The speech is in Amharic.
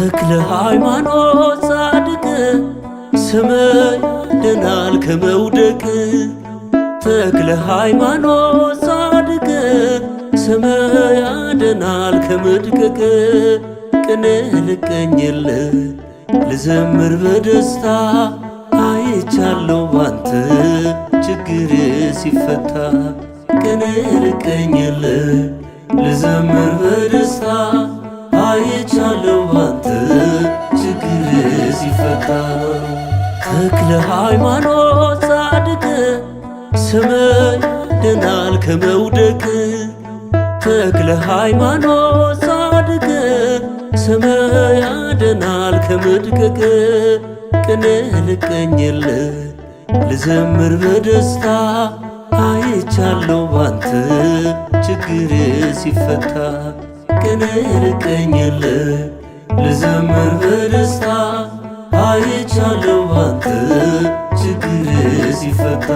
ተክለ ሃይማኖት ጻድቅ ስመ ያድናል ከመውደቅ ተክለ ሃይማኖት ጻድቅ ስመ ያድናል ከመድቀቅ ቅኔ ልቀኝል ልዘምር በደስታ አይቻለው ባንተ ችግር ሲፈታ ቅኔ ልቀኝል ልዘምር በደስታ አይቻለው ተክለ ሃይማኖት ጻድቅ ስምህ ያድናል ከመውደቅ ተክለ ሃይማኖት ጻድቅ ስምህ ያድናል ከመድቀቅ ቅኔ ልቀኝል ልዘምር በደስታ አይቻለው ባንተ ችግር ሲፈታ ቅኔ ልቀኝል ልዘምር በደስታ አይቻለው አንተ ችግር ሲፈታ